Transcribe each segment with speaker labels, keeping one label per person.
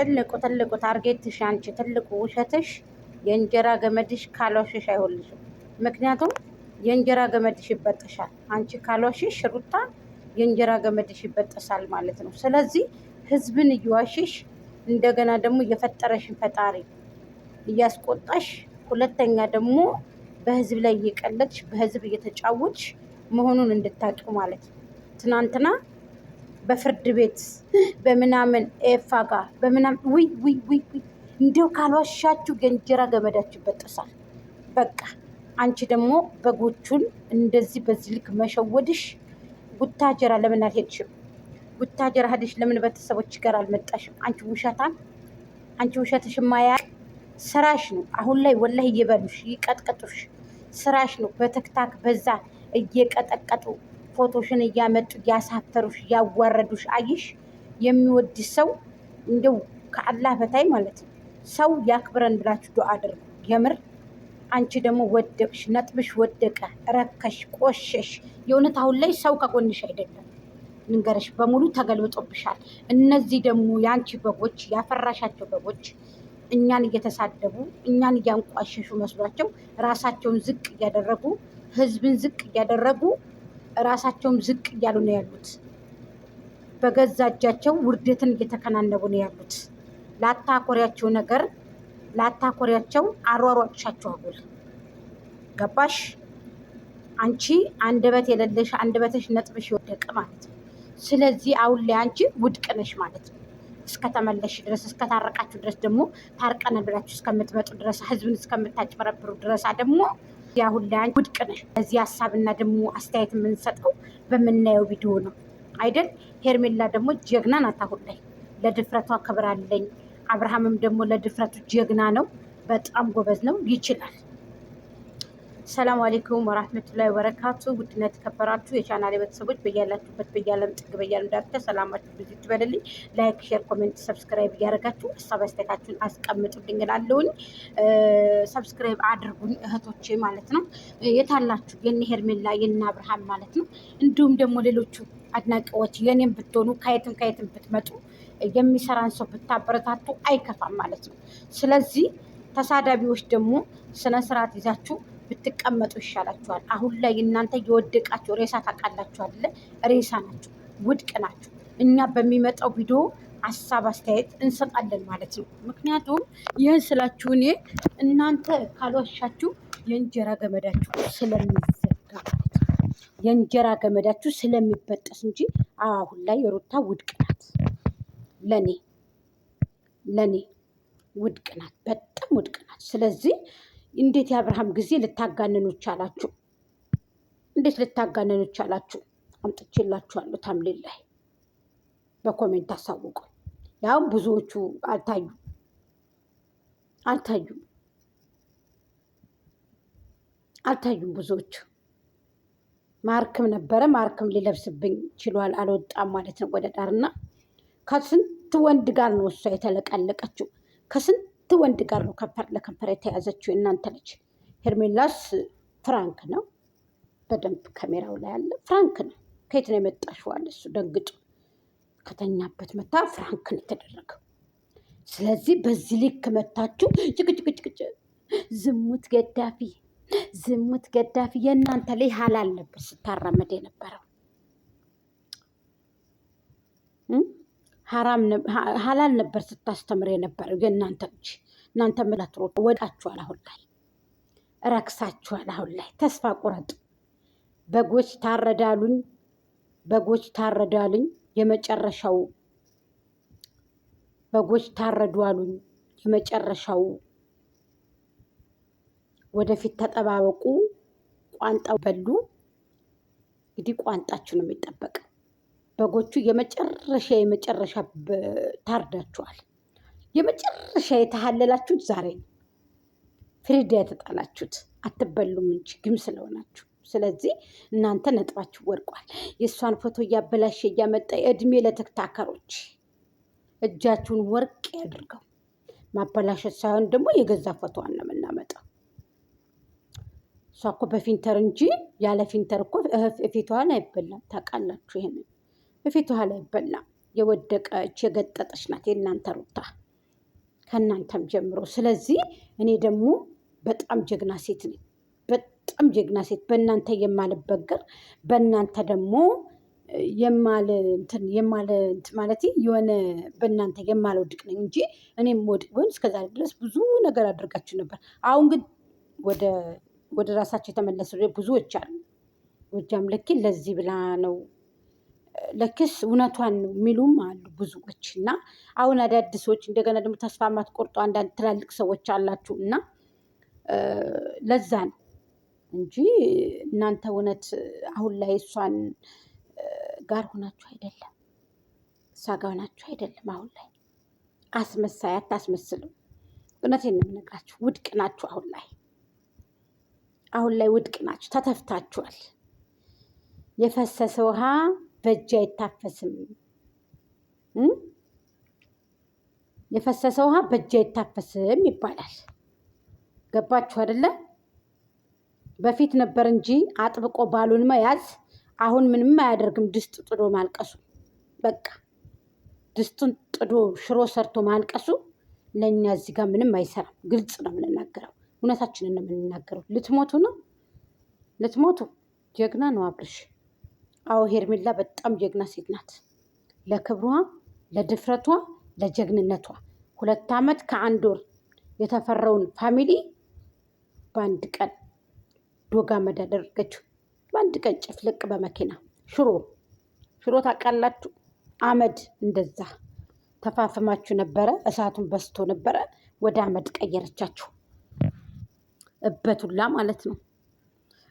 Speaker 1: ትልቁ ትልቁ ታርጌትሽ አንቺ ትልቁ ውሸትሽ የእንጀራ ገመድሽ ካልዋሸሽ አይሆንልሽም። ምክንያቱም የእንጀራ ገመድሽ ይበጠሻል። አንቺ ካልዋሸሽ ሩታ የእንጀራ ገመድሽ ይበጠሳል ማለት ነው። ስለዚህ ህዝብን እየዋሸሽ እንደገና ደግሞ የፈጠረሽን ፈጣሪ እያስቆጣሽ፣ ሁለተኛ ደግሞ በህዝብ ላይ እየቀለድሽ በህዝብ እየተጫወች መሆኑን እንድታውቂው ማለት ነው ትናንትና በፍርድ ቤት በምናምን ኤፋ ጋር በምናምን ውይ ውይ ውይ ውይ እንዲው ካልዋሻችሁ ገንጀራ ገመዳችሁ በጥሳል። በቃ አንቺ ደግሞ በጎቹን እንደዚህ በዚህ ልክ መሸወድሽ፣ ጉታጀራ ለምን አልሄድሽም? ጉታጀራ ሄደሽ ለምን ቤተሰቦች ጋር አልመጣሽም? አንቺ ውሸታም፣ አንቺ ውሸትሽ ማያ ስራሽ ነው። አሁን ላይ ወላሂ እየበሉሽ ይቀጥቀጡሽ፣ ስራሽ ነው። በትክታክ በዛ እየቀጠቀጡ ፎቶሽን እያመጡ እያሳፈሩሽ እያዋረዱሽ አይሽ የሚወድ ሰው እንደው ከአላህ በታይ ማለት ነው። ሰው ያክብረን ብላችሁ ዱዓ አድርጉ። የምር አንቺ ደግሞ ወደቅሽ፣ ነጥብሽ ወደቀ፣ ረከሽ፣ ቆሸሽ። የእውነት አሁን ላይ ሰው ከጎንሽ አይደለም። ንገረሽ በሙሉ ተገልብጦብሻል። እነዚህ ደግሞ የአንቺ በጎች ያፈራሻቸው በጎች እኛን እየተሳደቡ እኛን እያንቋሸሹ መስሏቸው ራሳቸውን ዝቅ እያደረጉ ህዝብን ዝቅ እያደረጉ ራሳቸውም ዝቅ እያሉ ነው ያሉት። በገዛ እጃቸው ውርደትን እየተከናነቡ ነው ያሉት። ላታኮሪያቸው ነገር ላታኮሪያቸው አሯሯጭሻቸው አጉል ገባሽ? አንቺ አንደበት የሌለሽ አንደበትሽ ነጥብሽ የወደቀ ማለት ነው። ስለዚህ አሁን ላይ አንቺ ውድቅ ነሽ ማለት ነው። እስከተመለሽ ድረስ እስከታረቃችሁ ድረስ ደግሞ ታርቀናል ብላችሁ እስከምትመጡ ድረስ ህዝብን እስከምታጭበረብሩ ድረሳ ደግሞ እንግዲህ አሁን ላይ ውድቅ ነሽ። በዚህ ሀሳብና ደግሞ አስተያየት የምንሰጠው በምናየው ቪዲዮ ነው አይደል? ሄርሜላ ደግሞ ጀግና ናት። አሁን ላይ ለድፍረቷ ክብር አለኝ። አብርሃምም ደግሞ ለድፍረቱ ጀግና ነው። በጣም ጎበዝ ነው፣ ይችላል። ሰላም አሌይኩም ወራህመቱላሂ ወበረካቱ። ውድና የተከበራችሁ የቻናል ቤተሰቦች በያላችሁበት በያለም ጥግ በያለም ዳርቻ ሰላማችሁ ብዙ ይበልልኝ። ላይክ፣ ሼር፣ ኮሜንት፣ ሰብስክራይብ እያደረጋችሁ ሀሳብ አስተያየታችሁን አስቀምጡልኝ እላለሁኝ። ሰብስክራይብ አድርጉኝ እህቶቼ ማለት ነው። የታላችሁ የነ ሄርሜላ የነ አብርሃም ማለት ነው። እንዲሁም ደግሞ ሌሎቹ አድናቂዎች የኔም ብትሆኑ ከየትም ከየትም ብትመጡ የሚሰራን ሰው ብታበረታቱ አይከፋም ማለት ነው። ስለዚህ ተሳዳቢዎች ደግሞ ስነ ስርዓት ይዛችሁ ብትቀመጡ ይሻላችኋል። አሁን ላይ እናንተ የወደቃችሁ ሬሳ ታውቃላችሁ አይደለ? ሬሳ ናችሁ፣ ውድቅ ናችሁ። እኛ በሚመጣው ቪዲዮ ሀሳብ አስተያየት እንሰጣለን ማለት ነው። ምክንያቱም ይህን ስላችሁ እኔ እናንተ ካልዋሻችሁ የእንጀራ ገመዳችሁ ስለሚዘጋ የእንጀራ ገመዳችሁ ስለሚበጠስ እንጂ አሁን ላይ የሩታ ውድቅ ናት። ለእኔ ለእኔ ውድቅ ናት፣ በጣም ውድቅ ናት። ስለዚህ እንዴት የአብርሃም ጊዜ ልታጋንኑ ቻላችሁ? እንዴት ልታጋንኑ ቻላችሁ? አምጥቼላችኋለሁ። ታምሌል ላይ በኮሜንት አሳውቁ። ያውም ብዙዎቹ አልታዩ አልታዩም አልታዩም ብዙዎቹ ማርክም ነበረ። ማርክም ሊለብስብኝ ችሏል። አልወጣም ማለት ነው ወደ ዳር እና ከስንት ወንድ ጋር ነው እሷ የተለቀለቀችው ከስንት ከሁለት ወንድ ጋር ነው ከንፈር ለከንፈር የተያዘችው እናንተ ልጅ። ሄርሜላስ ፍራንክ ነው፣ በደንብ ካሜራው ላይ አለ። ፍራንክ ነው። ከየት ነው የመጣሽው? እሱ ደንግጦ። ከተኛበት መታ ፍራንክ ነው የተደረገው። ስለዚህ በዚህ ልክ መታችሁ ጭቅጭቅጭቅጭ ዝሙት ገዳፊ ዝሙት ገዳፊ የእናንተ ላይ ሀላል ነበር ስታራመድ የነበረው። ሀላል ነበር ስታስተምር የነበር ግን እናንተ ልጅ እናንተ ምላትሮ ወዳችኋል። አሁን ላይ ረክሳችኋል። አሁን ላይ ተስፋ ቁረጥ። በጎች ታረዳሉኝ፣ በጎች ታረዳሉኝ፣ የመጨረሻው በጎች ታረዷሉኝ፣ የመጨረሻው ወደፊት ተጠባበቁ። ቋንጣው በሉ እንግዲህ ቋንጣችሁ ነው የሚጠበቅ። በጎቹ የመጨረሻ የመጨረሻ ታርዳችኋል። የመጨረሻ የተሃለላችሁት ዛሬ ነው። ፍሪዳ የተጣላችሁት አትበሉም እንጂ ግም ስለሆናችሁ። ስለዚህ እናንተ ነጥባችሁ ወድቋል። የእሷን ፎቶ እያበላሸ እያመጣ እድሜ ለተክታከሮች እጃችሁን ወርቅ ያድርገው። ማበላሸት ሳይሆን ደግሞ የገዛ ፎቶዋን ነው የምናመጣው። እሷ እኮ በፊንተር እንጂ ያለ ፊንተር እኮ ፊቷን አይበላም። ታውቃላችሁ ይሄንን በፊቷ ላይ በላ የወደቀች የገጠጠች ናት የእናንተ ሩታ ከእናንተም ጀምሮ። ስለዚህ እኔ ደግሞ በጣም ጀግና ሴት ነኝ፣ በጣም ጀግና ሴት በእናንተ የማልበገር በእናንተ ደግሞ የማል የማልንት ማለት የሆነ በእናንተ የማልወድቅ ነኝ እንጂ እኔም ወድቅ ቢሆን እስከዛሬ ድረስ ብዙ ነገር አድርጋችሁ ነበር። አሁን ግን ወደ ራሳቸው የተመለሱ ብዙዎች አሉ። ጎጃም ለዚህ ብላ ነው ለክስ እውነቷን ነው የሚሉም አሉ ብዙዎች። እና አሁን አዳዲሶች እንደገና ደግሞ ተስፋ ማትቆርጡ አንዳንድ ትላልቅ ሰዎች አላችሁ እና ለዛ ነው እንጂ እናንተ እውነት አሁን ላይ እሷን ጋር ሆናችሁ አይደለም፣ እሷ ጋር ሆናችሁ አይደለም። አሁን ላይ አስመሳይ አታስመስልም። እውነቴን ነው የምነግራችሁ፣ ውድቅ ናችሁ አሁን ላይ አሁን ላይ ውድቅ ናችሁ። ተተፍታችኋል። የፈሰሰ ውሃ በእጅ አይታፈስም። የፈሰሰ ውሃ በእጅ አይታፈስም ይባላል። ገባችሁ አይደለ? በፊት ነበር እንጂ አጥብቆ ባሉን መያዝ አሁን ምንም አያደርግም። ድስት ጥዶ ማልቀሱ በቃ ድስቱን ጥዶ ሽሮ ሰርቶ ማልቀሱ ለእኛ እዚህ ጋር ምንም አይሰራም። ግልጽ ነው የምንናገረው፣ እውነታችንን ነው የምንናገረው። ልትሞቱ ነው፣ ልትሞቱ። ጀግና ነው አብርሽ። አዎ ሄርሜላ በጣም ጀግና ሴት ናት። ለክብሯ፣ ለድፍረቷ፣ ለጀግንነቷ ሁለት ዓመት ከአንድ ወር የተፈራውን ፋሚሊ በአንድ ቀን ዶጋ መድ አደረገችው። በአንድ ቀን ጭፍልቅ በመኪና ሽሮ ሽሮ ታውቃላችሁ፣ አመድ እንደዛ ተፋፍማችሁ ነበረ። እሳቱን በስቶ ነበረ፣ ወደ አመድ ቀየረቻችሁ። እበቱላ ማለት ነው።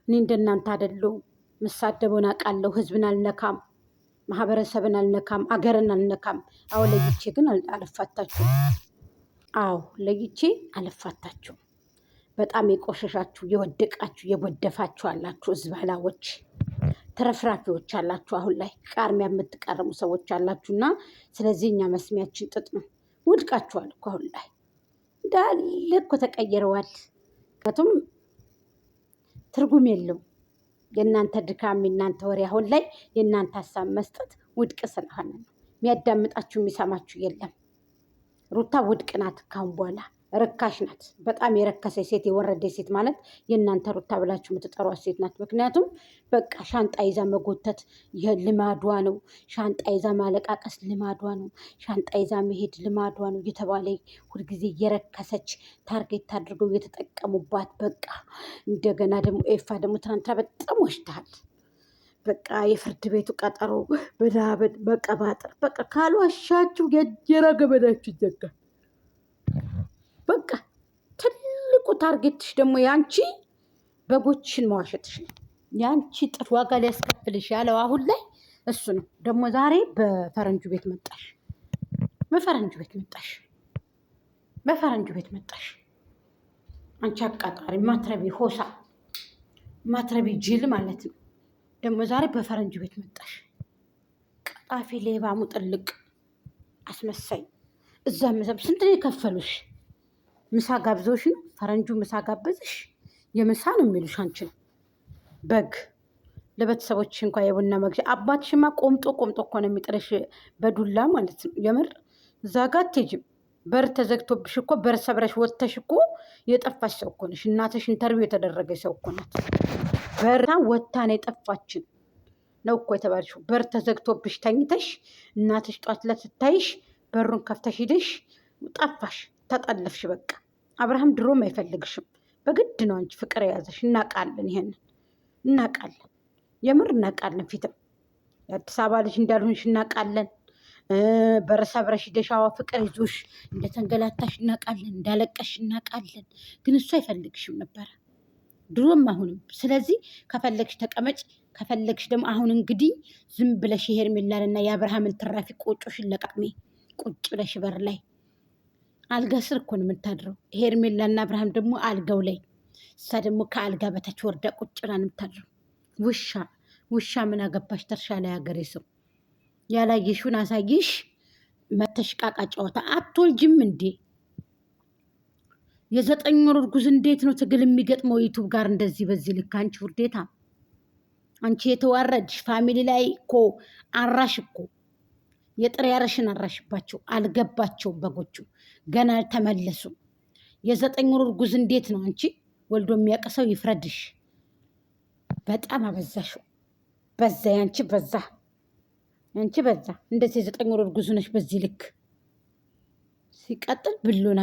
Speaker 1: እኔ እንደናንተ አይደለሁም። ምሳደበውን አውቃለሁ። ህዝብን አልነካም፣ ማህበረሰብን አልነካም፣ አገርን አልነካም። አዎ ለይቼ ግን አልፋታችሁም። አዎ ለይቼ አልፋታችሁም። በጣም የቆሸሻችሁ የወደቃችሁ የጎደፋችሁ አላችሁ፣ እዝባላዎች ተረፍራፊዎች አላችሁ። አሁን ላይ ቃርሚያ የምትቃረሙ ሰዎች አላችሁ እና ስለዚህ እኛ መስሚያችን ጥጥ ነው። ውድቃችኋል እኮ አሁን ላይ እንዳለ እኮ ተቀይረዋል። ትርጉም የለው የእናንተ ድካም የእናንተ ወሬ አሁን ላይ የእናንተ ሀሳብ መስጠት ውድቅ ስለሆነ ነው። የሚያዳምጣችሁ የሚሰማችሁ የለም። ሩታ ውድቅ ናት ካሁን በኋላ ርካሽ ናት። በጣም የረከሰ ሴት የወረደ ሴት ማለት የእናንተ ሩታ ብላችሁ የምትጠሯት ሴት ናት። ምክንያቱም በቃ ሻንጣ ይዛ መጎተት ልማዷ ነው። ሻንጣ ይዛ ማለቃቀስ ልማዷ ነው። ሻንጣ ይዛ መሄድ ልማዷ ነው እየተባለ ሁልጊዜ የረከሰች ታርጌት አድርገው የተጠቀሙባት በቃ እንደገና ደግሞ ኤፋ ደግሞ ትናንትና በጣም ወሽታል። በቃ የፍርድ ቤቱ ቀጠሮ በዳበድ መቀባጠር በቃ ካልዋሻችሁ የረገበዳችሁ ይዘጋል። ታርጌትሽ ደግሞ ያንቺ በጎችን መዋሸትሽ ነው። ያንቺ ጥፍ ዋጋ ሊያስከፍልሽ ያለው አሁን ላይ እሱ ነው። ደግሞ ዛሬ በፈረንጁ ቤት መጣሽ፣ በፈረንጁ ቤት መጣሽ፣ በፈረንጁ ቤት መጣሽ። አንቺ አቃጣሪ ማትረቢ ሆሳ ማትረቢ ጅል ማለት ነው። ደግሞ ዛሬ በፈረንጁ ቤት መጣሽ። ቀጣፊ ሌባ፣ ሙጥልቅ፣ አስመሳይ እዛ ስንት ነው የከፈሉሽ? ምሳ ጋብዞሽ ነው ፈረንጁ ምሳ ጋበዝሽ የምሳ ነው የሚሉሽ አንቺን በግ ለቤተሰቦች እንኳ የቡና መግዣ አባትሽማ ቆምጦ ቆምጦ እኮ ነው የሚጥለሽ በዱላ ማለት ነው። የምር እዛ ጋ አትሄጂም። በር ተዘግቶብሽ እኮ በር ሰብረሽ ወጥተሽ እኮ የጠፋሽ ሰው እኮ ነሽ። እናትሽ ኢንተርቪው የተደረገ ሰው እኮ ናት። በርታ ወጥታ ነው የጠፋችን ነው እኮ የተባልሽው። በር ተዘግቶብሽ ተኝተሽ እናትሽ ጧት ለትታይሽ በሩን ከፍተሽ ሂደሽ ጠፋሽ፣ ተጠለፍሽ በቃ። አብርሃም ድሮም አይፈልግሽም። በግድ ነው አንቺ ፍቅር የያዘሽ እናቃለን፣ ይሄን እናቃለን፣ የምር እናቃለን። ፊትም የአዲስ አበባ ልጅ እንዳልሆንሽ እናቃለን። በረሳ ብረሽ ደሻዋ ፍቅር ይዞሽ እንደተንገላታሽ እናቃለን፣ እንዳለቀሽ እናቃለን። ግን እሱ አይፈልግሽም ነበረ ድሮም አሁንም። ስለዚህ ከፈለግሽ ተቀመጭ፣ ከፈለግሽ ደግሞ አሁን እንግዲህ ዝም ብለሽ ሄርሜላንና የአብርሃምን ትራፊ ቆጮሽን ለቃቅሜ ቁጭ ብለሽ በር ላይ አልጋ ስር እኮ ነው የምታድረው ሄርሜላና አብርሃም ደግሞ አልጋው ላይ እሷ ደግሞ ከአልጋ በታች ወርዳ ቁጭ ብላ ነው የምታድረው። ውሻ ውሻ ምን አገባሽ ተርሻ ላይ ሀገሬ ሰው ያላየሽውን አሳይሽ መተሽቃቃ ጨዋታ አትወልጅም እንዴ? የዘጠኝ ወር እርጉዝ እንዴት ነው ትግል የሚገጥመው ዩቱብ ጋር እንደዚህ በዚህ ልክ? አንቺ ውርዴታ፣ አንቺ የተዋረድሽ ፋሚሊ ላይ እኮ አራሽ እኮ የጥሬ አረሽን አራሽባቸው። አልገባቸው በጎቹ ገና አልተመለሱም። የዘጠኝ ወር እርጉዝ እንዴት ነው አንቺ? ወልዶ የሚያቀሰው ይፍረድሽ። በጣም አበዛሽው። በዛ ያንቺ በዛ ያንቺ በዛ። እንደዚህ የዘጠኝ ወር እርጉዝ ነሽ በዚህ ልክ ሲቀጥል ብሎን